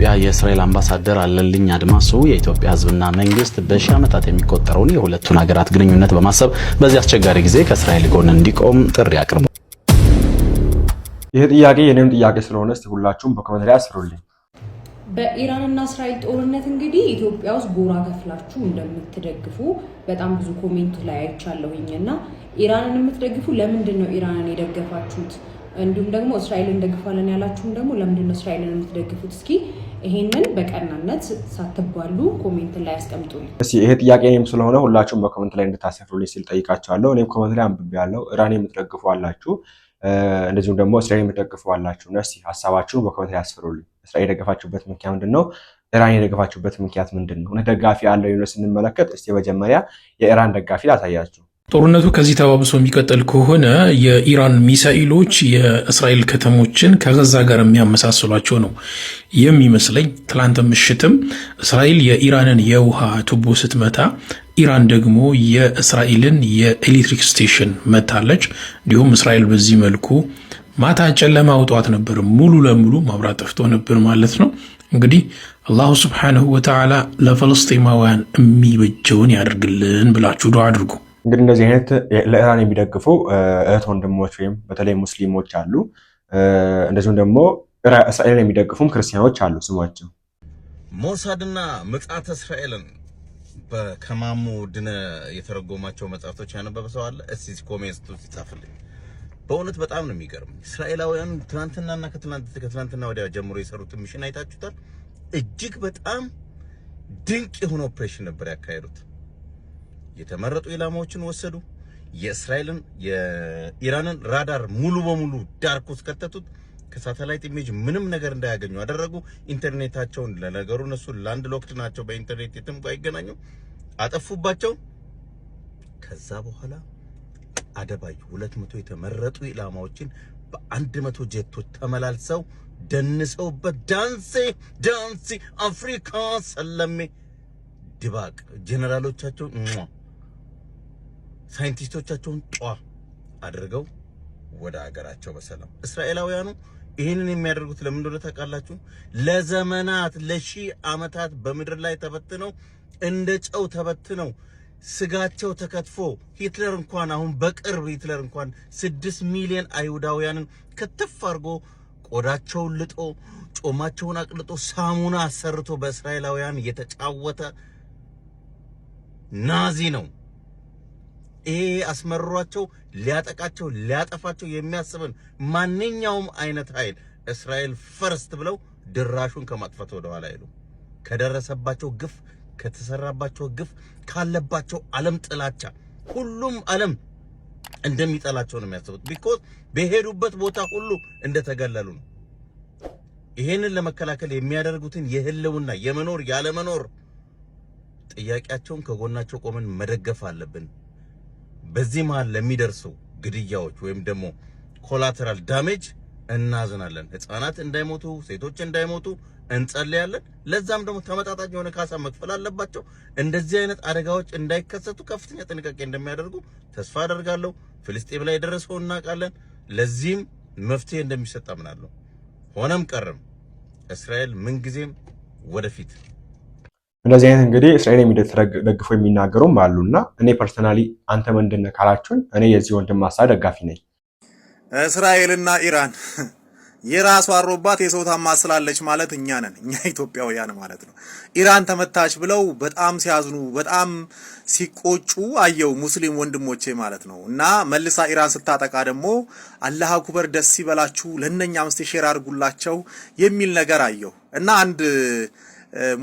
በኢትዮጵያ የእስራኤል አምባሳደር አለልኝ አድማሱ የኢትዮጵያ ሕዝብና መንግስት በሺህ ዓመታት የሚቆጠረውን የሁለቱን ሀገራት ግንኙነት በማሰብ በዚህ አስቸጋሪ ጊዜ ከእስራኤል ጎን እንዲቆም ጥሪ አቅርቧል። ይህ ጥያቄ የኔም ጥያቄ ስለሆነ እስቲ ሁላችሁም በኮመንት ላይ በኢራንና እስራኤል ጦርነት እንግዲህ ኢትዮጵያ ውስጥ ጎራ ከፍላችሁ እንደምትደግፉ በጣም ብዙ ኮሜንት ላይ አይቻለሁኝ እና ኢራንን የምትደግፉ ለምንድን ነው ኢራንን የደገፋችሁት? እንዲሁም ደግሞ እስራኤልን ደግፋለን ያላችሁም ደግሞ ለምንድን ነው እስራኤልን የምትደግፉት? እስኪ ይሄንን በቀናነት ሳትባሉ ኮሜንት ላይ ያስቀምጡልኝ። ይሄ ጥያቄ እኔም ስለሆነ ሁላችሁም በኮሜንት ላይ እንድታሰፍሩልኝ ስል ጠይቃቸዋለሁ። እኔም ኮሜንት ላይ አንብቤ ኢራን የምትደግፉ አላችሁ፣ እንደዚሁም ደግሞ እስራኤል የምትደግፉ አላችሁ እስኪ ሀሳባችሁን በኮሜንት ላይ እስራኤል የደገፋችሁበት ምክንያት ምንድን ነው? ኢራን የደገፋችሁበት ምክንያት ምንድን ነው? እውነት ደጋፊ አለው ስንመለከት እስኪ መጀመሪያ የኢራን ደጋፊ ላሳያችሁ። ጦርነቱ ከዚህ ተባብሶ የሚቀጥል ከሆነ የኢራን ሚሳኤሎች የእስራኤል ከተሞችን ከገዛ ጋር የሚያመሳስሏቸው ነው የሚመስለኝ። ትላንት ምሽትም እስራኤል የኢራንን የውሃ ቱቦ ስትመታ ኢራን ደግሞ የእስራኤልን የኤሌክትሪክ ስቴሽን መታለች። እንዲሁም እስራኤል በዚህ መልኩ ማታ ጨለማ አውጧት ነበር፣ ሙሉ ለሙሉ ማብራት ጠፍቶ ነበር ማለት ነው። እንግዲህ አላሁ ስብሓነሁ ወተዓላ ለፈለስጤማውያን የሚበጀውን ያደርግልን ብላችሁ ዱዓ አድርጉ። እንግዲህ እንደዚህ አይነት ለኢራን የሚደግፉ እህት ወንድሞች ወይም በተለይ ሙስሊሞች አሉ። እንደዚሁም ደግሞ እስራኤልን የሚደግፉም ክርስቲያኖች አሉ። ስሟቸው ሞሳድና ምጽአተ እስራኤልን በከማሙ ድነ የተረጎማቸው መጽሐፍቶች ያነበበ ሰው አለ? እስቲ ኮሜንት ይጻፍልኝ። በእውነት በጣም ነው የሚገርም። እስራኤላውያን ትናንትናና ከትናንትና ወዲያ ጀምሮ የሰሩትን ሚሽን አይታችሁታል። እጅግ በጣም ድንቅ የሆነ ኦፕሬሽን ነበር ያካሄዱት። የተመረጡ ኢላማዎችን ወሰዱ። የእስራኤልን የኢራንን ራዳር ሙሉ በሙሉ ውስጥ ከተቱት። ከሳተላይት ኢሜጅ ምንም ነገር እንዳያገኙ አደረጉ። ኢንተርኔታቸውን ለነገሩ እነሱ ላንድ ሎክድ ናቸው፣ በኢንተርኔት የትም አይገናኙ። አጠፉባቸው። ከዛ በኋላ አደባዩ ሁለት መቶ የተመረጡ ኢላማዎችን በአንድ መቶ ጀቶች ተመላልሰው ደንሰውበት ዳንሴ ዳንሴ አፍሪካ ሰለሜ ድባቅ ጀነራሎቻቸው ሳይንቲስቶቻቸውን ጧ አድርገው ወደ ሀገራቸው በሰላም እስራኤላውያኑ ይህንን የሚያደርጉት ለምን እንደሆነ ታውቃላችሁ? ለዘመናት ለሺህ ዓመታት በምድር ላይ ተበትነው እንደ ጨው ተበትነው ስጋቸው ተከትፎ ሂትለር እንኳን አሁን በቅርብ ሂትለር እንኳን ስድስት ሚሊዮን አይሁዳውያንን ክትፍ አድርጎ ቆዳቸውን ልጦ ጮማቸውን አቅልጦ ሳሙና አሰርቶ በእስራኤላውያን የተጫወተ ናዚ ነው። ይሄ አስመሯቸው ሊያጠቃቸው ሊያጠፋቸው የሚያስብን ማንኛውም አይነት ኃይል እስራኤል ፈርስት ብለው ድራሹን ከማጥፋት ወደኋላ አይሉ። ከደረሰባቸው ግፍ፣ ከተሰራባቸው ግፍ፣ ካለባቸው ዓለም ጥላቻ ሁሉም ዓለም እንደሚጠላቸው ነው የሚያስቡት። ቢኮዝ በሄዱበት ቦታ ሁሉ እንደተገለሉ ነው። ይሄንን ለመከላከል የሚያደርጉትን የህልውና የመኖር ያለመኖር ጥያቄያቸውን ከጎናቸው ቆመን መደገፍ አለብን። በዚህ መሀል ለሚደርሱ ግድያዎች ወይም ደግሞ ኮላተራል ዳሜጅ እናዝናለን። ህፃናት እንዳይሞቱ፣ ሴቶች እንዳይሞቱ እንጸልያለን። ለዛም ደግሞ ተመጣጣኝ የሆነ ካሳ መክፈል አለባቸው። እንደዚህ አይነት አደጋዎች እንዳይከሰቱ ከፍተኛ ጥንቃቄ እንደሚያደርጉ ተስፋ አደርጋለሁ። ፍልስጤም ላይ የደረሰው እናውቃለን። ለዚህም መፍትሄ እንደሚሰጥ አምናለሁ። ሆነም ቀርም እስራኤል ምንጊዜም ወደፊት እንደዚህ አይነት እንግዲህ እስራኤል የሚደግፈው የሚናገሩም አሉ እና እኔ ፐርሰናሊ አንተ ምንድን ነህ ካላችሁን እኔ የዚህ ወንድም ሀሳብ ደጋፊ ነኝ። እስራኤልና ኢራን የራሷ አሮባት የሰው ታማስላለች ማለት እኛ ነን፣ እኛ ኢትዮጵያውያን ማለት ነው። ኢራን ተመታች ብለው በጣም ሲያዝኑ በጣም ሲቆጩ አየው ሙስሊም ወንድሞቼ ማለት ነው። እና መልሳ ኢራን ስታጠቃ ደግሞ አላህ አኩበር ደስ ይበላችሁ፣ ለእነኛ ምስት ሼር አድርጉላቸው የሚል ነገር አየው እና አንድ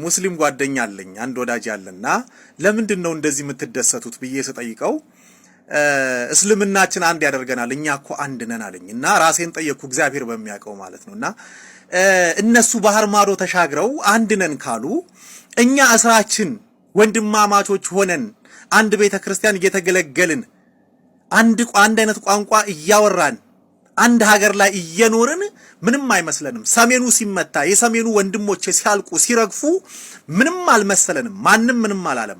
ሙስሊም ጓደኛ አለኝ አንድ ወዳጅ አለና ለምንድን ነው እንደዚህ የምትደሰቱት ብዬ ስጠይቀው እስልምናችን አንድ ያደርገናል እኛ እኮ አንድ ነን አለኝ እና ራሴን ጠየቅኩ እግዚአብሔር በሚያውቀው ማለት ነው እና እነሱ ባህር ማዶ ተሻግረው አንድ ነን ካሉ እኛ እስራችን ወንድማማቾች ሆነን አንድ ቤተ ክርስቲያን እየተገለገልን አንድ አንድ አይነት ቋንቋ እያወራን አንድ ሀገር ላይ እየኖርን ምንም አይመስለንም። ሰሜኑ ሲመታ የሰሜኑ ወንድሞች ሲያልቁ ሲረግፉ ምንም አልመሰለንም። ማንም ምንም አላለም።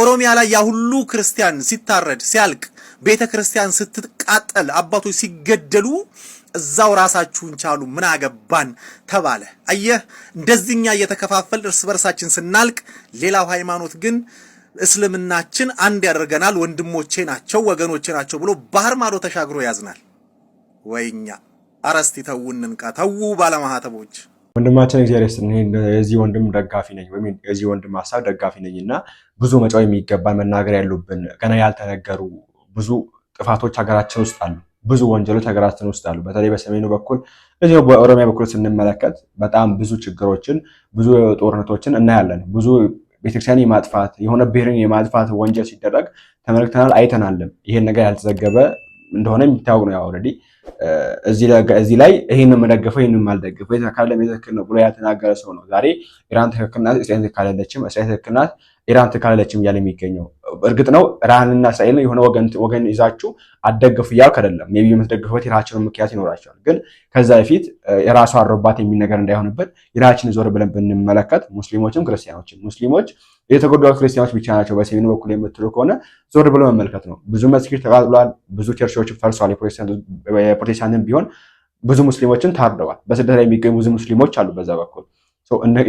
ኦሮሚያ ላይ ያ ሁሉ ክርስቲያን ሲታረድ ሲያልቅ፣ ቤተ ክርስቲያን ስትቃጠል፣ አባቶች ሲገደሉ እዛው ራሳችሁን ቻሉ ምን አገባን ተባለ። አየህ እንደዚህኛ እየተከፋፈል እርስ በርሳችን ስናልቅ፣ ሌላው ሃይማኖት ግን እስልምናችን አንድ ያደርገናል፣ ወንድሞቼ ናቸው፣ ወገኖቼ ናቸው ብሎ ባህር ማዶ ተሻግሮ ያዝናል። ወይኛ አረስቲ ተዉ እንንቃ ተዉ ባለማህተቦች። ወንድማችን እግዚአብሔር ይስጥልኝ። የዚህ ወንድም ደጋፊ ነኝ ወይም የዚህ ወንድም ሀሳብ ደጋፊ ነኝ እና ብዙ መጫው የሚገባን መናገር ያሉብን ገና ያልተነገሩ ብዙ ጥፋቶች ሀገራችን ውስጥ አሉ። ብዙ ወንጀሎች ሀገራችን ውስጥ አሉ። በተለይ በሰሜኑ በኩል እዚህ በኦሮሚያ በኩል ስንመለከት በጣም ብዙ ችግሮችን፣ ብዙ ጦርነቶችን እናያለን። ብዙ ቤተክርስቲያን የማጥፋት የሆነ ብሔርን የማጥፋት ወንጀል ሲደረግ ተመልክተናል፣ አይተናልም። ይሄን ነገር ያልተዘገበ እንደሆነ የሚታወቅ ነው ያው ኦልሬዲ እዚህ ላይ ይህን የምደግፈው ይህን ማልደግፈው የት አካል የሚትክክል ነው ብሎ ያልተናገረ ሰው ነው ዛሬ ኢራን ትክክል ናት፣ እስራኤል ትክክል አይደለችም፣ እስራኤል ትክክል ናት፣ ኢራን ትክክል አይደለችም እያለ የሚገኘው። እርግጥ ነው ኢራንና እስራኤል የሆነ ወገን ይዛችሁ አደግፉ እያልኩ አይደለም። ቢ የምትደግፉበት የራሳቸውን ምክንያት ይኖራቸዋል። ግን ከዛ በፊት የራሱ አሮባት የሚል ነገር እንዳይሆንበት የራሳችንን ዞር ብለን ብንመለከት ሙስሊሞችም ክርስቲያኖችም ሙስሊሞች የተጎዳው ክርስቲያኖች ብቻ ናቸው በሰሜን በኩል የምትሉ ከሆነ ዞር ብሎ መመልከት ነው። ብዙ መስጊድ ተቃጥሏል፣ ብዙ ቸርቾች ፈርሷል። የፕሮቴስታንትም ቢሆን ብዙ ሙስሊሞችን ታርደዋል። በስደት ላይ የሚገኙ ብዙ ሙስሊሞች አሉ። በዛ በኩል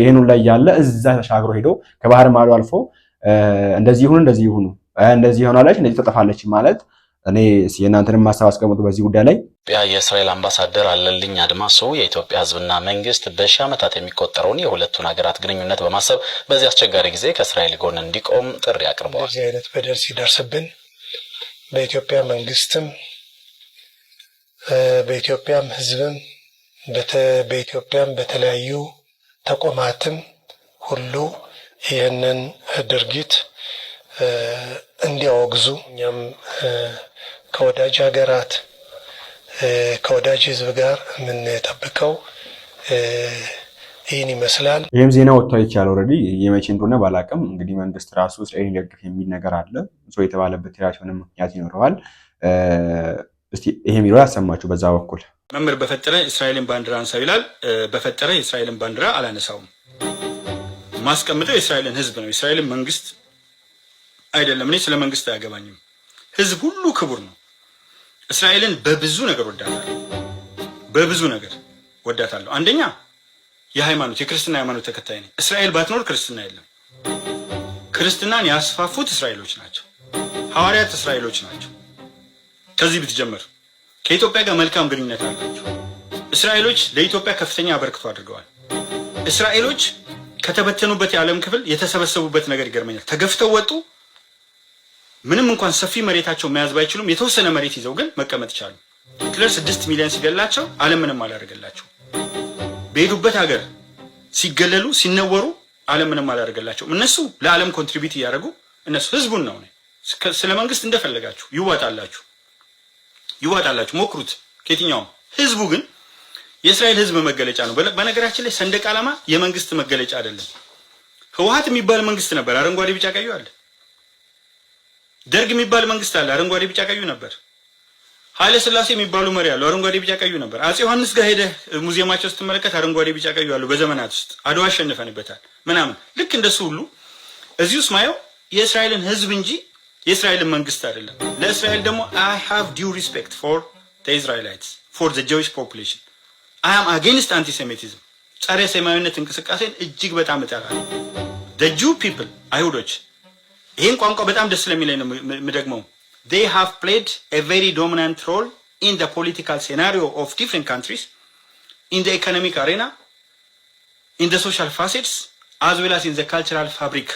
ይህኑ ላይ ያለ እዛ ተሻግሮ ሄዶ ከባህር ማዶ አልፎ እንደዚህ ይሁኑ እንደዚህ ይሁኑ እንደዚህ ሆናለች እንደዚህ ተጠፋለች ማለት እኔ የእናንተንም ሀሳብ አስቀምጡ በዚህ ጉዳይ ላይ። የእስራኤል አምባሳደር አለልኝ አድማሱ የኢትዮጵያ ሕዝብና መንግስት በሺህ ዓመታት የሚቆጠረውን የሁለቱን ሀገራት ግንኙነት በማሰብ በዚህ አስቸጋሪ ጊዜ ከእስራኤል ጎን እንዲቆም ጥሪ አቅርበዋል። እዚህ አይነት በደል ሲደርስብን በኢትዮጵያ መንግስትም በኢትዮጵያም ሕዝብም በኢትዮጵያም በተለያዩ ተቋማትም ሁሉ ይህንን ድርጊት እንዲያወግዙ እኛም ከወዳጅ ሀገራት ከወዳጅ ህዝብ ጋር የምንጠብቀው ይህን ይመስላል። ይህም ዜና ወጥቶ ይቻል ኦልሬዲ የመቼ እንደሆነ ባላቅም እንግዲህ መንግስት ራሱ እስራኤልን ደግፍ የሚል ነገር አለ። ሰው የተባለበት የራሱ የሆነ ምክንያት ይኖረዋል። እስቲ ይሄ የሚለው ያሰማችሁ በዛ በኩል መምህር በፈጠረ እስራኤልን ባንዲራ አንሳው ይላል። በፈጠረ የእስራኤልን ባንዲራ አላነሳውም። ማስቀምጠው የእስራኤልን ህዝብ ነው የእስራኤልን መንግስት አይደለም። እኔ ስለ መንግስት አያገባኝም። ህዝብ ሁሉ ክቡር ነው። እስራኤልን በብዙ ነገር ወዳታለሁ፣ በብዙ ነገር ወዳታለሁ። አንደኛ የሃይማኖት የክርስትና ሃይማኖት ተከታይ ነኝ። እስራኤል ባትኖር ክርስትና የለም። ክርስትናን ያስፋፉት እስራኤሎች ናቸው። ሐዋርያት እስራኤሎች ናቸው። ከዚህ ብትጀምር ከኢትዮጵያ ጋር መልካም ግንኙነት አላቸው። እስራኤሎች ለኢትዮጵያ ከፍተኛ አበርክቶ አድርገዋል። እስራኤሎች ከተበተኑበት የዓለም ክፍል የተሰበሰቡበት ነገር ይገርመኛል። ተገፍተው ወጡ። ምንም እንኳን ሰፊ መሬታቸው መያዝ ባይችሉም የተወሰነ መሬት ይዘው ግን መቀመጥ ቻሉ። ሂትለር ስድስት ሚሊዮን ሲገላቸው ዓለም ምንም አላደረገላቸው። በሄዱበት ሀገር ሲገለሉ ሲነወሩ ዓለም ምንም አላደረገላቸው። እነሱ ለዓለም ኮንትሪቢዩት እያደረጉ እነሱ ህዝቡን ነው ስለ መንግስት እንደፈለጋችሁ ይዋጣላችሁ፣ ይዋጣላችሁ፣ ሞክሩት ከየትኛውም ህዝቡ ግን የእስራኤል ህዝብ መገለጫ ነው። በነገራችን ላይ ሰንደቅ ዓላማ የመንግስት መገለጫ አይደለም። ህወሀት የሚባል መንግስት ነበር። አረንጓዴ ቢጫ ቀዩ አለ ደርግ የሚባል መንግስት አለ። አረንጓዴ ቢጫ ቀዩ ነበር። ኃይለ ስላሴ የሚባሉ መሪ አሉ። አረንጓዴ ቢጫ ቀዩ ነበር። አጼ ዮሐንስ ጋር ሄደህ ሙዚየማቸው ስትመለከት አረንጓዴ ቢጫ ቀዩ አሉ። በዘመናት ውስጥ አድዋ አሸንፈንበታል ምናምን። ልክ እንደሱ ሁሉ እዚህ ውስጥ ማየው የእስራኤልን ህዝብ እንጂ የእስራኤልን መንግስት አይደለም። ለእስራኤል ደግሞ አይ ሃቭ ዲው ሪስፔክት ፎር ዘ ፎር ዘ ጆዊሽ ፖፑሌሽን አይ አም አጌንስት አንቲሴሜቲዝም ጸረ ሴማዊነት እንቅስቃሴን እጅግ በጣም እጠራለሁ። ዘ ፒፕል አይሁዶች ይህን ቋንቋ በጣም ደስ ስለሚለኝ ነው የምደግመው። they have played a very dominant role in the political scenario of different countries in the economic arena in the social facets as well as in the cultural fabric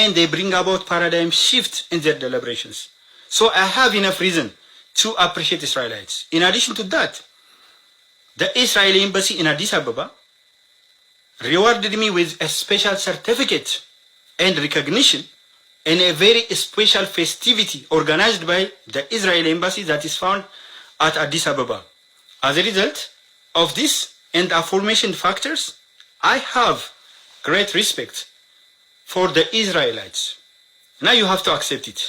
and they bring about paradigm shift in their deliberations so i have enough reason to appreciate israelites in addition to that the israeli embassy in addis ababa rewarded me with a special certificate and recognition and a very special festivity organized by the Israeli embassy that is found at Addis Ababa. As a result of this and aforementioned factors, I have great respect for the Israelites. Now you have to accept it.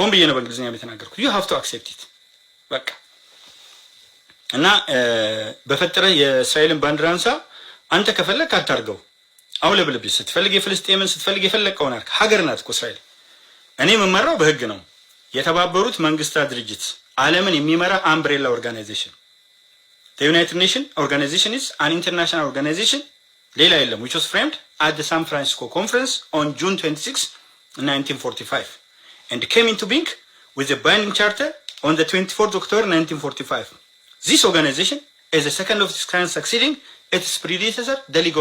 ሆን ብዬ ነው በእንግሊዝኛ የተናገርኩት። you have to accept it በቃ እና በፈጠረ የእስራኤልን ባንዲራ አንሳ አንተ ከፈለግ አታርገው አውለብልብ ስትፈልግ የፍልስጤምን ስትፈልግ የፈለቀውን አርክ ሀገር ናት እኮ እስራኤል። እኔ የምመራው በህግ ነው። የተባበሩት መንግስታት ድርጅት ዓለምን የሚመራ አምብሬላ ኦርጋናይዜሽን ዩናይትድ ኔሽን ኦርጋናይዜሽን ኢዝ አን ኢንተርናሽናል ኦርጋናይዜሽን ሌላ የለም ዊች ዋዝ ፍሬምድ አት ሳን ፍራንሲስኮ ኮንፈረንስ ኦን ጁን 26 1945 and came into being with a binding charter 24th 1945. This organization is the second of its kind succeeding its predecessor, the League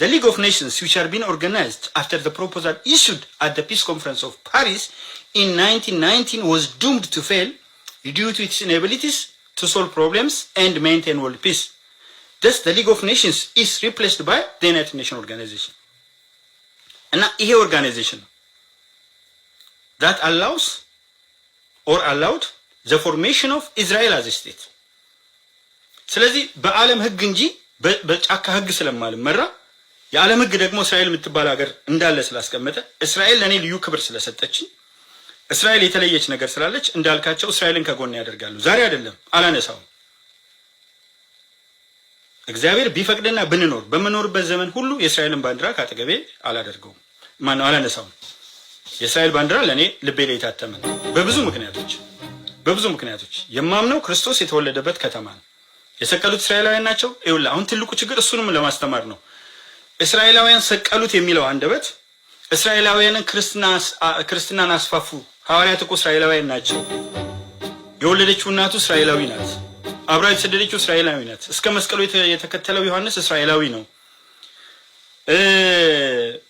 The League of Nations, which had been organized after the proposal issued at the Peace Conference of Paris in 1919, was doomed to fail due to its inabilities to solve problems and maintain world peace. Thus, the League of Nations is replaced by the United Nations Organization. an ይሄ organization that allows or allowed the formation of Israel as a state ስለዚህ በዓለም ህግ እንጂ በጫካ ህግ ስለማልመራ የዓለም ሕግ ደግሞ እስራኤል የምትባል ሀገር እንዳለ ስላስቀመጠ እስራኤል ለእኔ ልዩ ክብር ስለሰጠችኝ እስራኤል የተለየች ነገር ስላለች እንዳልካቸው እስራኤልን ከጎን ያደርጋሉ። ዛሬ አይደለም አላነሳውም። እግዚአብሔር ቢፈቅድና ብንኖር በምኖርበት ዘመን ሁሉ የእስራኤልን ባንዲራ ከአጠገቤ አላደርገውም፣ ማነው አላነሳውም። የእስራኤል ባንዲራ ለእኔ ልቤ ላይ የታተመ በብዙ ምክንያቶች በብዙ ምክንያቶች የማምነው ክርስቶስ የተወለደበት ከተማ ነው። የሰቀሉት እስራኤላውያን ናቸው። ይኸውልህ አሁን ትልቁ ችግር እሱንም ለማስተማር ነው። እስራኤላውያን ሰቀሉት የሚለው አንደበት እስራኤላውያንን ክርስትናን አስፋፉ። ሐዋርያት እኮ እስራኤላውያን ናቸው። የወለደችው እናቱ እስራኤላዊ ናት። አብራ የተሰደደችው እስራኤላዊ ናት። እስከ መስቀሉ የተከተለው ዮሐንስ እስራኤላዊ ነው።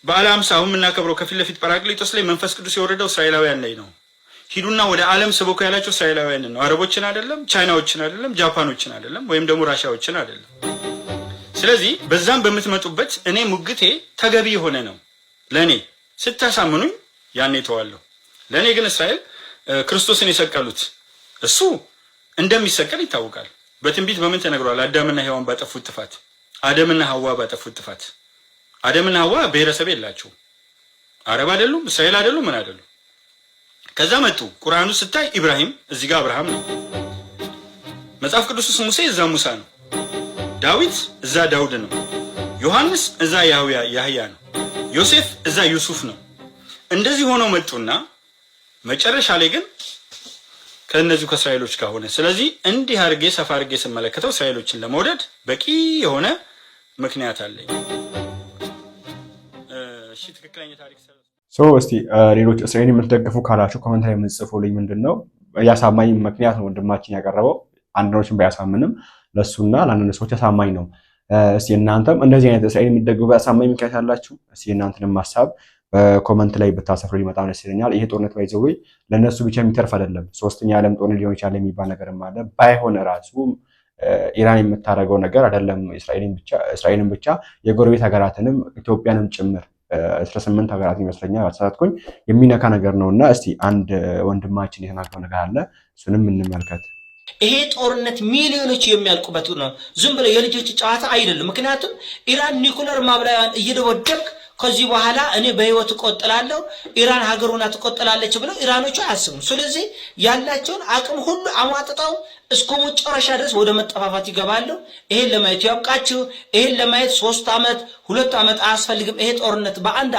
በዓለ ሃምሳ አሁን የምናከብረው ከፊት ለፊት ጳራቅሊጦስ ላይ መንፈስ ቅዱስ የወረደው እስራኤላውያን ላይ ነው። ሂዱና ወደ ዓለም ስበኩ ያላቸው እስራኤላውያንን ነው። አረቦችን አይደለም፣ ቻይናዎችን አይደለም፣ ጃፓኖችን አይደለም፣ ወይም ደግሞ ራሻዎችን አይደለም። ስለዚህ በዛም በምትመጡበት እኔ ሙግቴ ተገቢ የሆነ ነው። ለእኔ ስታሳምኑኝ ያኔ ተዋለሁ። ለእኔ ግን እስራኤል ክርስቶስን የሰቀሉት እሱ እንደሚሰቀል ይታወቃል። በትንቢት በምን ተነግሯል? አዳምና ሔዋን ባጠፉት ጥፋት፣ አደምና ሀዋ ባጠፉት ጥፋት። አደምና ሀዋ ብሔረሰብ የላቸው አረብ አይደሉም፣ እስራኤል አይደሉም፣ ምን አይደሉም። ከዛ መጡ። ቁርአኑ ስታይ ኢብራሂም እዚህ ጋር አብርሃም ነው። መጽሐፍ ቅዱስ ውስጥ ሙሴ እዛ ሙሳ ነው። ዳዊት እዛ ዳውድ ነው። ዮሐንስ እዛ ያህያ ነው። ዮሴፍ እዛ ዩሱፍ ነው። እንደዚህ ሆነው መጡና መጨረሻ ላይ ግን ከእነዚሁ ከእስራኤሎች ጋር ሆነ። ስለዚህ እንዲህ አርጌ ሰፋ አርጌ ስመለከተው እስራኤሎችን ለመውደድ በቂ የሆነ ምክንያት አለኝ። እስቲ ሌሎች እስራኤል የምትደግፉ ካላችሁ ኮመንት ላይ የምትጽፉልኝ ምንድን ነው ያሳማኝ ምክንያት ነው ወንድማችን ያቀረበው አንዳንዶችን ባያሳምንም ለእሱና ለአንዳንድ ሰዎች አሳማኝ ነው። እስ እናንተም እንደዚህ አይነት እስራኤል የሚደግፉበት አሳማኝ ምክንያት አላችሁ? እስቲ እናንተንም ሀሳብ በኮመንት ላይ ብታሰፍሩ በጣም ደስ ይለኛል። ይሄ ጦርነት ባይዘው ለእነሱ ብቻ የሚተርፍ አይደለም። ሶስተኛ ዓለም ጦርነት ሊሆን ይችላል የሚባል ነገርም አለ። ባይሆን ራሱ ኢራን የምታደርገው ነገር አይደለም እስራኤልን ብቻ የጎረቤት ሀገራትንም ኢትዮጵያንም ጭምር አስራ ስምንት ሀገራት ይመስለኛል አልተሳሳትኩኝ የሚነካ ነገር ነው እና እስቲ አንድ ወንድማችን የተናገረው ነገር አለ እሱንም እንመልከት። ይሄ ጦርነት ሚሊዮኖች የሚያልቁበት ነው። ዝም ብለው የልጆች ጨዋታ አይደለም። ምክንያቱም ኢራን ኒኩለር ማብላያን እየደወደቅ ከዚህ በኋላ እኔ በህይወት እቆጥላለሁ ኢራን ሀገሩና ትቆጥላለች ብለው ኢራኖቹ አያስቡም። ስለዚህ ያላቸውን አቅም ሁሉ አሟጥጠው እስከ መጨረሻ ድረስ ወደ መጠፋፋት ይገባሉ። ይሄን ለማየት ያብቃችሁ። ይሄን ለማየት ሶስት ዓመት ሁለት ዓመት አያስፈልግም። ይሄ ጦርነት በአንድ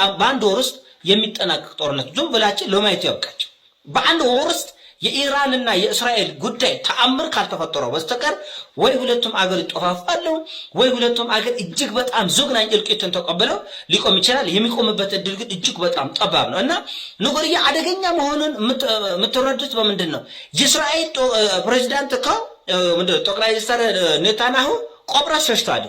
ወር ውስጥ የሚጠናቀቅ ጦርነት ዝም ብላችሁ ለማየት ያብቃችሁ። በአንድ ወር ውስጥ የኢራንና የእስራኤል ጉዳይ ተአምር ካልተፈጠረው በስተቀር ወይ ሁለቱም አገር ይጠፋፋሉ፣ ወይ ሁለቱም አገር እጅግ በጣም ዘግናኝ እልቂትን ተቀብለው ሊቆም ይችላል። የሚቆምበት እድል ግን እጅግ በጣም ጠባብ ነው እና ነገርዬ አደገኛ መሆኑን የምትረዱት በምንድን ነው? የእስራኤል ፕሬዚዳንት ጠቅላይ ሚኒስትር ኔታንያሁ ቆጵሮስ ሸሽተዋል።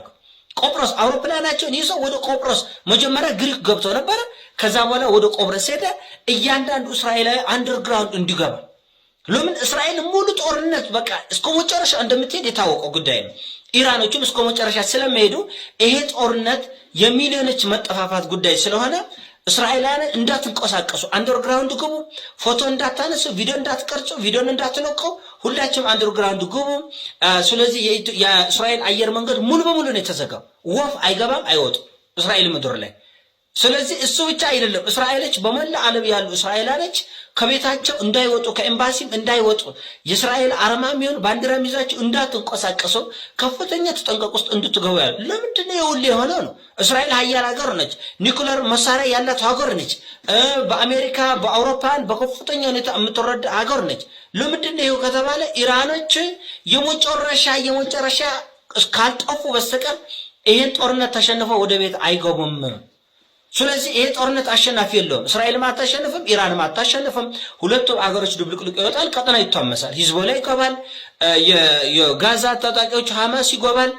ቆጵሮስ አውሮፕላናቸውን ይዞ ወደ ቆጵሮስ መጀመሪያ ግሪክ ገብቶ ነበረ። ከዛ በኋላ ወደ ቆጵሮስ ሄደ። እያንዳንዱ እስራኤላዊ አንደርግራውንድ እንዲገባ ለምን እስራኤል ሙሉ ጦርነት በቃ እስከ መጨረሻ እንደምትሄድ የታወቀው ጉዳይ ነው። ኢራኖቹም እስከ መጨረሻ ስለሚሄዱ ይሄ ጦርነት የሚሊዮኖች መጠፋፋት ጉዳይ ስለሆነ እስራኤላውያን እንዳትንቀሳቀሱ፣ አንደርግራውንድ ግቡ፣ ፎቶ እንዳታነሱ፣ ቪዲዮ እንዳትቀርጹ፣ ቪዲዮን እንዳትለቀው፣ ሁላችሁም አንደርግራውንድ ግቡ። ስለዚህ የእስራኤል አየር መንገድ ሙሉ በሙሉ ነው የተዘጋው። ወፍ አይገባም አይወጡም እስራኤል ምድር ላይ ስለዚህ እሱ ብቻ አይደለም። እስራኤሎች በመላ ዓለም ያሉ እስራኤላኖች ከቤታቸው እንዳይወጡ ከኤምባሲም እንዳይወጡ የእስራኤል አርማ የሚሆን ባንዲራ ይዛቸው እንዳትንቀሳቀሱ ከፍተኛ ተጠንቀቅ ውስጥ እንድትገቡ ያሉ። ለምንድን የውል የሆነ ነው? እስራኤል ሀያል ሀገር ነች። ኒኩለር መሳሪያ ያላት ሀገር ነች። በአሜሪካ በአውሮፓን በከፍተኛ ሁኔታ የምትረድ ሀገር ነች። ለምንድን ይሁ ከተባለ ኢራኖች የመጨረሻ የመጨረሻ ካልጠፉ በስተቀር ይህን ጦርነት ተሸንፈው ወደ ቤት አይገቡም። ስለዚህ ይሄ ጦርነት አሸናፊ የለውም። እስራኤልም አታሸንፍም፣ ኢራንም አታሸንፍም። ሁለቱም አገሮች ድብልቅልቅ ይወጣል፣ ቀጠና ይታመሳል። ሂዝቦላ ይገባል፣ የጋዛ ታጣቂዎች ሐማስ ይጎባል፣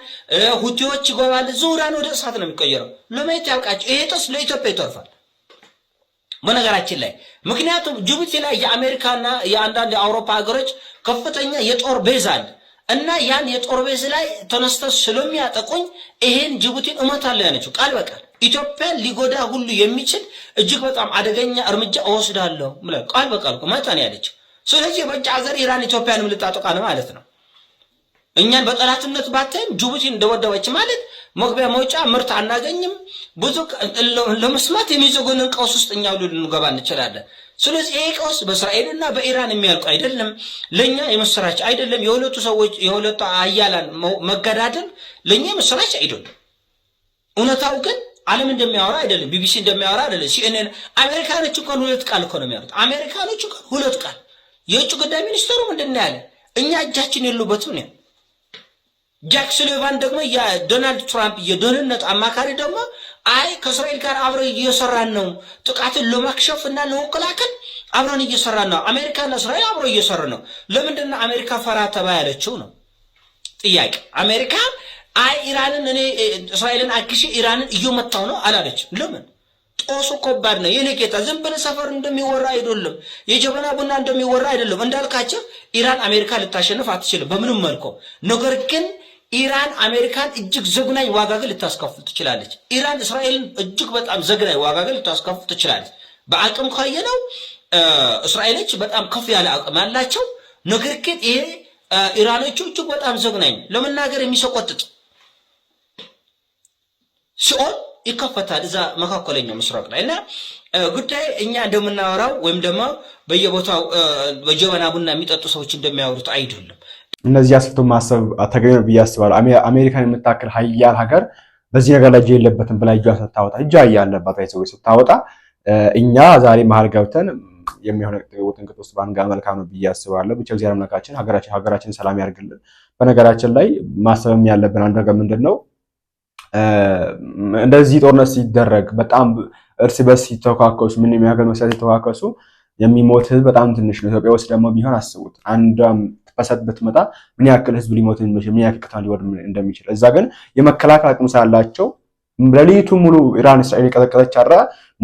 ሁቲዎች ይጎባል። ዙራን ወደ እሳት ነው የሚቀየረው። ለማየት ያብቃቸው። ይሄ ጦስ ለኢትዮጵያ ይተርፋል። በነገራችን ላይ ምክንያቱም ጅቡቲ ላይ የአሜሪካና የአንዳንድ የአውሮፓ ሀገሮች ከፍተኛ የጦር ቤዝ አለ እና ያን የጦር ቤዝ ላይ ተነስተ ስለሚያጠቁኝ ይሄን ጅቡቲን እመታለሁ ያለችው ቃል በቃል ኢትዮጵያን ሊጎዳ ሁሉ የሚችል እጅግ በጣም አደገኛ እርምጃ እወስዳለሁ ብላ ቃል በቃል መታ ነው ያለችው። ስለዚህ የበጫ አዘር ኢራን ኢትዮጵያንም ልታጠቃ ነው ማለት ነው። እኛን በጠላትነት ባታይም ጅቡቲ እንደወደበች ማለት መግቢያ መውጫ ምርት አናገኝም። ብዙ ለመስማት የሚዘጉንን ቀውስ ውስጥ እኛ ሁሉ ልንገባ እንችላለን። ስለዚህ ይሄ ቀውስ በእስራኤልና በኢራን የሚያልቁ አይደለም፣ ለእኛ የምስራች አይደለም። የሁለቱ ሰዎች የሁለቱ አያላን መገዳደል ለእኛ የምስራች አይደለም። እውነታው ግን ዓለም እንደሚያወራ አይደለም። ቢቢሲ እንደሚያወራ አይደለም። ሲኤንኤን አሜሪካኖች እንኳን ሁለት ቃል እኮ ነው የሚያወሩት። አሜሪካኖች እንኳን ሁለት ቃል። የውጭ ጉዳይ ሚኒስትሩ ምንድን ነው ያለ? እኛ እጃችን የሉበትም ነው። ጃክ ሱሊቫን ደግሞ የዶናልድ ትራምፕ የደህንነት አማካሪ ደግሞ አይ ከእስራኤል ጋር አብረን እየሰራን ነው፣ ጥቃትን ለማክሸፍ እና ለመከላከል አብረን እየሰራን ነው። አሜሪካና እስራኤል አብረው እየሰሩ ነው። ለምንድን ነው አሜሪካ ፈራ ተባ ያለችው ነው ጥያቄ። አሜሪካ አይ ኢራንን እኔ እስራኤልን አግሼ ኢራንን እየመታው ነው አላለች። ለምን? ጦሱ ከባድ ነው። የኔ ጌታ ዝም ብለህ ሰፈር እንደሚወራ አይደለም፣ የጀበና ቡና እንደሚወራ አይደለም። እንዳልካቸው ኢራን አሜሪካ ልታሸንፍ አትችልም በምንም መልኩ። ነገር ግን ኢራን አሜሪካን እጅግ ዘግናኝ ዋጋ ግን ልታስከፍል ትችላለች። ኢራን እስራኤልን እጅግ በጣም ዘግናኝ ዋጋ ግን ልታስከፍል ትችላለች። በአቅም ካየነው እስራኤሎች በጣም ከፍ ያለ አቅም አላቸው። ነገር ግን ይሄ ኢራኖቹ እጅግ በጣም ዘግናኝ ለመናገር የሚሰቆጥጥ ሲኦል ይከፈታል እዛ መካከለኛው ምስራቅ ላይ እና ጉዳይ እኛ እንደምናወራው ወይም ደግሞ በየቦታው በጀበና ቡና የሚጠጡ ሰዎች እንደሚያወሩት አይደለም። እነዚህ አስፍቶ ማሰብ ተገቢ ነው ብዬ አስባለሁ። አሜሪካን የምታክል ሀያል ሀገር በዚህ ነገር ላይ እጅ የለበትም ብላ እጇ ስታወጣ እጇ ይ ሰዎች ስታወጣ እኛ ዛሬ መሀል ገብተን የሚሆነ ውጥንቅጥ ውስጥ ባንጋ መልካም ነው ብዬ አስባለሁ። ብቻ እግዚአብሔር አምላካችን ሀገራችን ሰላም ያርግልን። በነገራችን ላይ ማሰብም ያለብን አንድ ነገር ምንድን ነው እንደዚህ ጦርነት ሲደረግ በጣም እርስ በርስ ሲተካከሱ ምን የሚያገል መሳት ሲተካከሱ የሚሞት ህዝብ በጣም ትንሽ ነው። ኢትዮጵያ ውስጥ ደግሞ ቢሆን አስቡት አንዷም ፈሰት ብትመጣ ምን ያክል ህዝብ ሊሞት እንደሚችል ምን ያክል ከተማ ሊወድም እንደሚችል እዛ ግን የመከላከል አቅም ስላላቸው ለሊቱ ሙሉ ኢራን እስራኤል የቀጠቀጠች አራ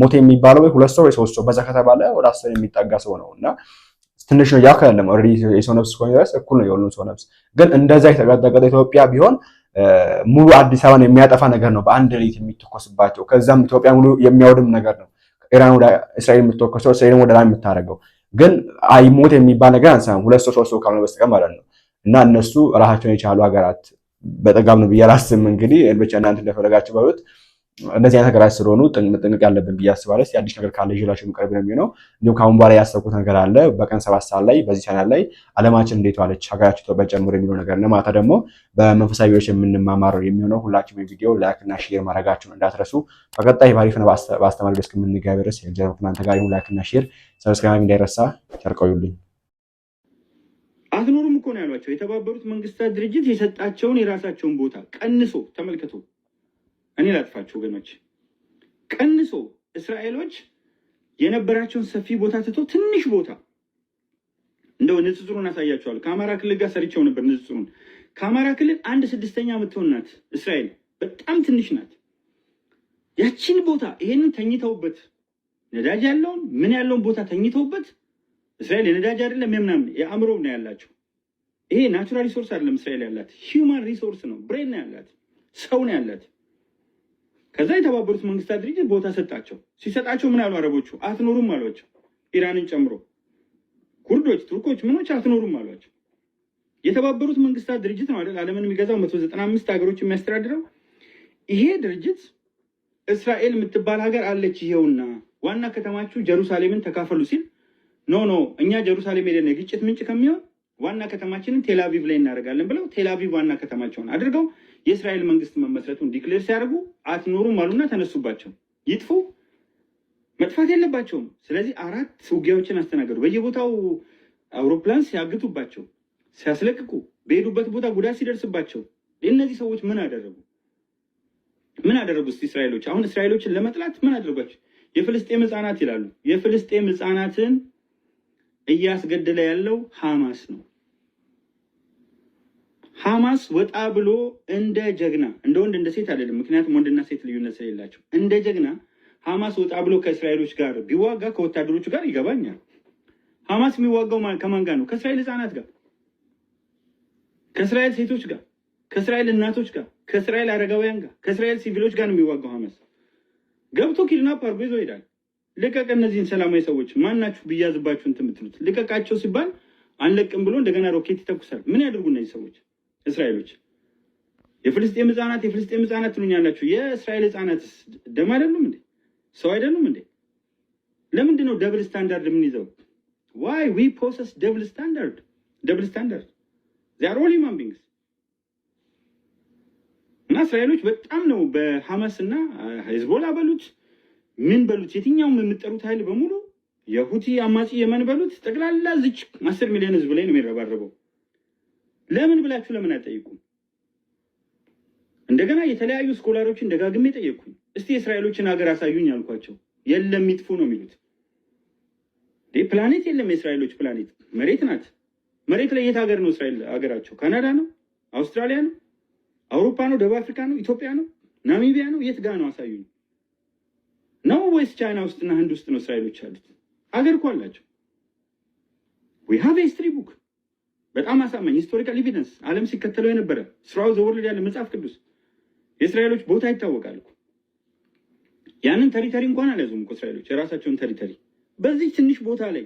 ሞት የሚባለው ወይ ሁለት ሰው ወይ ሶስት ሰው በዛ ከተባለ ወደ አስር የሚጠጋ ሰው ነው እና ትንሽ ነው። ያ ከለም ኦልሬዲ የሰው ነፍስ እኩል ነው የሁሉም ሰው ነፍስ። ግን እንደዛ የተቀጠቀጠ ኢትዮጵያ ቢሆን ሙሉ አዲስ አበባን የሚያጠፋ ነገር ነው። በአንድ ሌሊት የሚተኮስባቸው ከዛም ኢትዮጵያ ሙሉ የሚያወድም ነገር ነው። ኢራን ወደ እስራኤል የምትተኮሰው እስራኤል ወደ ላይ የምታደርገው ግን አይሞት የሚባል ነገር አንሰማም። ሁለት ሰው ሶስት ሰው ካልሆነ በስተቀር ማለት ነው። እና እነሱ ራሳቸውን የቻሉ ሀገራት በጠጋም ነው ብዬ አላስብም። እንግዲህ ብቻ እናንተ እንደፈለጋቸው በሉት። እንደዚህ አይነት ነገሮች ስለሆኑ መጠንቀቅ ያለብን ብዬ አስባለሁ። አዲስ ነገር ካለ ይዤላችሁ የምቀርብ ነው የሚሆነው። እንዲሁም ከአሁን በኋላ ያሰብኩት ነገር አለ። በቀን ሰባት ሰዓት ላይ በዚህ ቻናል ላይ አለማችን እንዴት ዋለች ሀገራችን ኢትዮጵያ ጨምሮ የሚለው ነገር ነው። ማታ ደግሞ በመንፈሳዊ በመንፈሳዊዎች የምንማማር የሚሆነው። ሁላችሁም ቪዲዮ ላይክ እና ሼር ማድረጋችሁን እንዳትረሱ። በቀጣይ ባሪፍ ባሪፍና በአስተማሪ ደስ ከምንገባ ድረስ የእግዚአብሔር ከእናንተ ጋር ይሁን። ላይክ እና ሼር ሰብስክራይብ እንዳይረሳ። ቸርቆዩልኝ አትኖሩም እኮ ነው ያሏቸው። የተባበሩት መንግስታት ድርጅት የሰጣቸውን የራሳቸውን ቦታ ቀንሶ ተመልከቱ። እኔ ላጥፋችሁ ወገኖች። ቀንሶ እስራኤሎች የነበራቸውን ሰፊ ቦታ ትቶ ትንሽ ቦታ እንደው ንጽጽሩን አሳያቸዋለሁ። ከአማራ ክልል ጋር ሰርቸው ነበር ንጽጽሩን። ከአማራ ክልል አንድ ስድስተኛ የምትሆን ናት እስራኤል፣ በጣም ትንሽ ናት። ያችን ቦታ ይሄንን ተኝተውበት ነዳጅ ያለውን ምን ያለውን ቦታ ተኝተውበት እስራኤል የነዳጅ አይደለም የምናምን የአእምሮ ነው ያላቸው። ይሄ ናቹራል ሪሶርስ አይደለም እስራኤል ያላት፣ ሂውማን ሪሶርስ ነው። ብሬን ነው ያላት፣ ሰው ነው ያላት። ከዛ የተባበሩት መንግስታት ድርጅት ቦታ ሰጣቸው። ሲሰጣቸው ምን ያሉ አረቦቹ አትኖሩም አሏቸው። ኢራንን ጨምሮ ኩርዶች፣ ቱርኮች፣ ምኖች አትኖሩም አሏቸው። የተባበሩት መንግስታት ድርጅት ነው አይደል ዓለምን የሚገዛው መቶ ዘጠና አምስት ሀገሮች የሚያስተዳድረው ይሄ ድርጅት እስራኤል የምትባል ሀገር አለች፣ ይሄውና ዋና ከተማችሁ ጀሩሳሌምን ተካፈሉ ሲል ኖ ኖ እኛ ጀሩሳሌም ሄደን የግጭት ምንጭ ከሚሆን ዋና ከተማችንን ቴላቪቭ ላይ እናደርጋለን ብለው ቴላቪቭ ዋና ከተማቸውን አድርገው የእስራኤል መንግስት መመስረቱን ዲክሌር ሲያደርጉ አትኖሩም አሉና ተነሱባቸው። ይጥፉ፣ መጥፋት የለባቸውም። ስለዚህ አራት ውጊያዎችን አስተናገዱ። በየቦታው አውሮፕላን ሲያግቱባቸው፣ ሲያስለቅቁ፣ በሄዱበት ቦታ ጉዳት ሲደርስባቸው እነዚህ ሰዎች ምን አደረጉ? ምን አደረጉ? እስቲ እስራኤሎች አሁን እስራኤሎችን ለመጥላት ምን አደረጓቸው? የፍልስጤም ህፃናት ይላሉ። የፍልስጤም ህፃናትን እያስገደለ ያለው ሐማስ ነው። ሐማስ ወጣ ብሎ እንደ ጀግና እንደ ወንድ እንደ ሴት አይደለም፣ ምክንያቱም ወንድና ሴት ልዩነት ስለሌላቸው እንደ ጀግና ሐማስ ወጣ ብሎ ከእስራኤሎች ጋር ቢዋጋ ከወታደሮቹ ጋር ይገባኛል። ሐማስ የሚዋጋው ከማን ጋር ነው? ከእስራኤል ህፃናት ጋር፣ ከእስራኤል ሴቶች ጋር፣ ከእስራኤል እናቶች ጋር፣ ከእስራኤል አረጋውያን ጋር፣ ከእስራኤል ሲቪሎች ጋር ነው የሚዋጋው። ሐማስ ገብቶ ኪድናፕ አድርጎ ይዞ ይሄዳል። ልቀቅ እነዚህን ሰላማዊ ሰዎች ማናችሁ ብያዝባችሁ እንትን የምትሉት ልቀቃቸው ሲባል አንለቅም ብሎ እንደገና ሮኬት ይተኩሳል። ምን ያደርጉ እነዚህ ሰዎች? እስራኤሎች የፍልስጤም ህፃናት የፍልስጤም ህፃናት ትሉኛላችሁ። የእስራኤል ህፃናት ደም አይደሉም እንዴ? ሰው አይደሉም እንዴ? ለምንድን ነው ደብል ስታንዳርድ የምንይዘው? ዋይ ዊ ፖሰስ ደብል ስታንዳርድ ደብል ስታንዳርድ ዚያር ኦል ቢንግስ እና እስራኤሎች በጣም ነው በሐማስ እና ሄዝቦላ በሉት ምን በሉት የትኛውም የምጠሩት ኃይል በሙሉ የሁቲ አማጺ የመን በሉት ጠቅላላ ዝች አስር ሚሊዮን ህዝብ ላይ ነው የሚረባረበው። ለምን ብላችሁ ለምን አይጠይቁም? እንደገና የተለያዩ ስኮላሮችን ደጋግሜ ጠየቅኩኝ። እስቲ የእስራኤሎችን ሀገር አሳዩኝ አልኳቸው። የለም ይጥፉ ነው የሚሉት። ፕላኔት የለም የእስራኤሎች ፕላኔት መሬት ናት። መሬት ላይ የት ሀገር ነው እስራኤል ሀገራቸው? ካናዳ ነው? አውስትራሊያ ነው? አውሮፓ ነው? ደቡብ አፍሪካ ነው? ኢትዮጵያ ነው? ናሚቢያ ነው? የት ጋ ነው? አሳዩኝ ነው ወይስ ቻይና ውስጥና ህንድ ውስጥ ነው እስራኤሎች አሉት? ሀገር እኮ አላቸው። ዊ ሃቭ ሂስትሪ ቡክ በጣም አሳማኝ ሂስቶሪካል ኤቪደንስ ዓለም ሲከተለው የነበረ ስራው ላይ ያለ መጽሐፍ ቅዱስ የእስራኤሎች ቦታ ይታወቃል ያንን ተሪተሪ እንኳን አልያዙም እኮ እስራኤሎች የራሳቸውን ተሪተሪ በዚህ ትንሽ ቦታ ላይ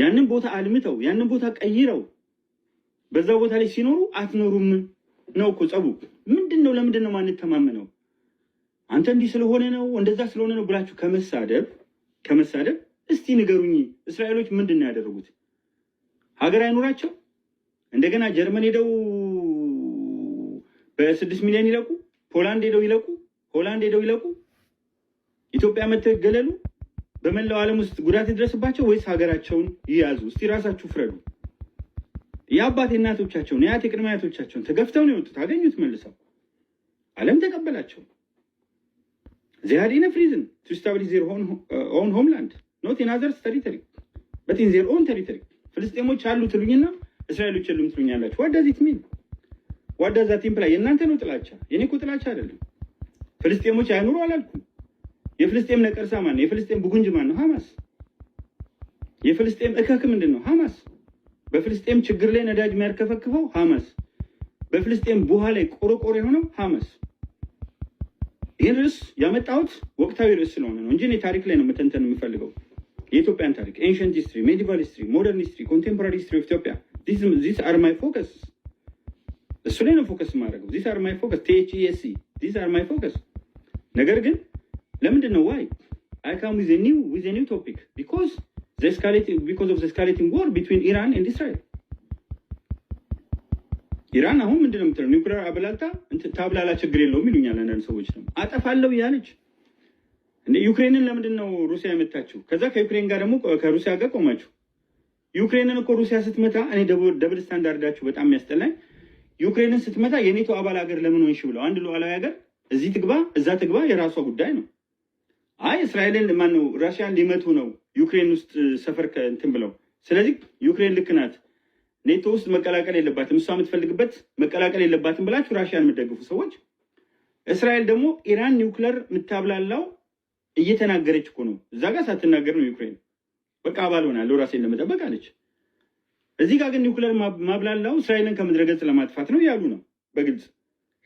ያንን ቦታ አልምተው ያንን ቦታ ቀይረው በዛ ቦታ ላይ ሲኖሩ አትኖሩም ነው እኮ ጸቡ። ምንድን ነው? ለምንድን ነው ማንተማመነው? አንተ እንዲህ ስለሆነ ነው እንደዛ ስለሆነ ነው ብላችሁ ከመሳደብ ከመሳደብ እስቲ ንገሩኝ፣ እስራኤሎች ምንድን ነው ያደረጉት? ሀገር አይኑራቸው። እንደገና ጀርመን ሄደው በስድስት ሚሊዮን ይለቁ፣ ፖላንድ ሄደው ይለቁ፣ ሆላንድ ሄደው ይለቁ፣ ኢትዮጵያ መተገለሉ በመላው ዓለም ውስጥ ጉዳት ይድረስባቸው ወይስ ሀገራቸውን ይያዙ? እስቲ ራሳችሁ ፍረዱ። የአባት እናቶቻቸውን የአያት ቅድመ አያቶቻቸውን ተገፍተው ነው የወጡት። አገኙት መልሰው ዓለም ተቀበላቸው። ዚሃድ ፍሪዝን ሪዝን ቱ ስታብሊሽ ዜር ኦን ሆምላንድ ኖት ኢን አዘርስ ተሪተሪ በት ኢን ዜር ኦን ተሪተሪ ፍልስጤሞች አሉ ትሉኝና እስራኤሎች የሉም ትሉኛላችሁ። ዋዳዚት ሚን ዋዳዛት ኢምፕላይ የእናንተ ነው ጥላቻ፣ የኔ እኮ ጥላቻ አይደለም። ፍልስጤሞች አይኑሩ አላልኩም። የፍልስጤም ነቀርሳ ማን ነው? የፍልስጤም ቡጉንጅ ማን ነው? ሀማስ። የፍልስጤም እከክ ምንድን ነው? ሀማስ። በፍልስጤም ችግር ላይ ነዳጅ የሚያርከፈክፈው ሀማስ በፍልስጤም ቡሃ ላይ ቆረቆሮ የሆነው ሀማስ። ይህን ርዕስ ያመጣሁት ወቅታዊ ርዕስ ስለሆነ ነው እንጂ እኔ ታሪክ ላይ ነው መተንተን የምፈልገው። Ethiopian history, ancient history, medieval history, modern history, contemporary history of Ethiopia. This these are my focus. The sole focus, my these are my focus. THESC, these are my focus. again, let me know why. I come with a new with a new topic because the escalating because of the escalating war between Iran and Israel. ኢራን አሁን ምንድነው የምትለው ኒውክሌር አብላልታ ታብላላ ችግር የለውም ይሉኛል አንዳንድ ሰዎች ነው አጠፋለው እያለች ዩክሬንን ለምንድን ነው ሩሲያ የመታችሁ ከዛ ከዩክሬን ጋር ደግሞ ከሩሲያ ጋር ቆማችሁ። ዩክሬንን እኮ ሩሲያ ስትመታ እኔ ደብል ስታንዳርዳችሁ በጣም የሚያስጠላኝ ዩክሬንን ስትመታ የኔቶ አባል ሀገር ለምን ሆንሽ ብለው አንድ ሉዓላዊ ሀገር እዚህ ትግባ እዛ ትግባ የራሷ ጉዳይ ነው። አይ እስራኤልን ማነው ራሽያን ሊመቱ ነው ዩክሬን ውስጥ ሰፈር እንትን ብለው። ስለዚህ ዩክሬን ልክ ናት፣ ኔቶ ውስጥ መቀላቀል የለባትም እሷ የምትፈልግበት መቀላቀል የለባትም ብላችሁ ራሽያን የምደግፉ ሰዎች፣ እስራኤል ደግሞ ኢራን ኒውክለር የምታብላላው እየተናገረች እኮ ነው። እዛ ጋር ሳትናገር ነው ዩክሬን በቃ አባል ሆናለሁ ራሴን ለመጠበቅ አለች። እዚህ ጋር ግን ኒውክለር ማብላላው እስራኤልን ከምድረገጽ ለማጥፋት ነው ያሉ ነው በግልጽ።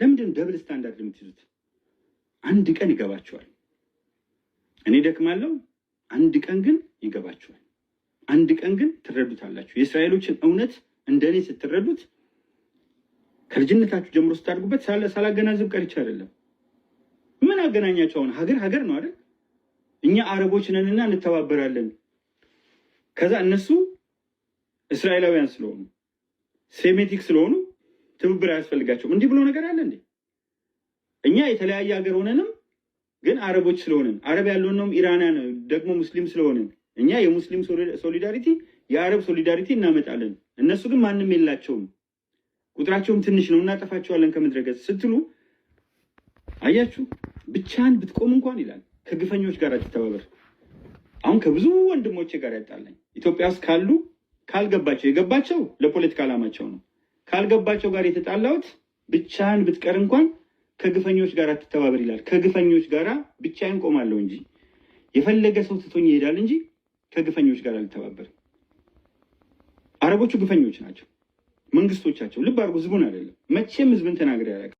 ለምንድን ደብል ስታንዳርድ የምትይዙት? አንድ ቀን ይገባቸዋል። እኔ ደክማለሁ። አንድ ቀን ግን ይገባቸዋል። አንድ ቀን ግን ትረዱታላችሁ። የእስራኤሎችን እውነት እንደኔ ስትረዱት ከልጅነታችሁ ጀምሮ ስታድጉበት ሳላገናዝብ ቀርቼ አይደለም። ምን አገናኛቸው? አሁን ሀገር ሀገር ነው አይደል? እኛ አረቦች ነንና እንተባበራለን። ከዛ እነሱ እስራኤላውያን ስለሆኑ ሴሜቲክ ስለሆኑ ትብብር አያስፈልጋቸውም። እንዲህ ብሎ ነገር አለ እንዴ? እኛ የተለያየ ሀገር ሆነንም ግን አረቦች ስለሆንን አረብ ያለውን ኢራናን ደግሞ ሙስሊም ስለሆንን እኛ የሙስሊም ሶሊዳሪቲ የአረብ ሶሊዳሪቲ እናመጣለን። እነሱ ግን ማንም የላቸውም፣ ቁጥራቸውም ትንሽ ነው፣ እናጠፋቸዋለን ከምድረ ስትሉ አያችሁ። ብቻን ብትቆም እንኳን ይላል ከግፈኞች ጋር ትተባበር አሁን ከብዙ ወንድሞቼ ጋር ያጣለኝ ኢትዮጵያ ውስጥ ካሉ ካልገባቸው የገባቸው ለፖለቲካ ዓላማቸው ነው። ካልገባቸው ጋር የተጣላሁት ብቻህን ብትቀር እንኳን ከግፈኞች ጋር አትተባበር ይላል። ከግፈኞች ጋር ብቻዬን ቆማለሁ እንጂ የፈለገ ሰው ትቶኝ ይሄዳል እንጂ ከግፈኞች ጋር አልተባበር። አረቦቹ ግፈኞች ናቸው መንግስቶቻቸው። ልብ አድርጎ ህዝቡን አይደለም መቼም ህዝብን ተናግሬ ያደረገ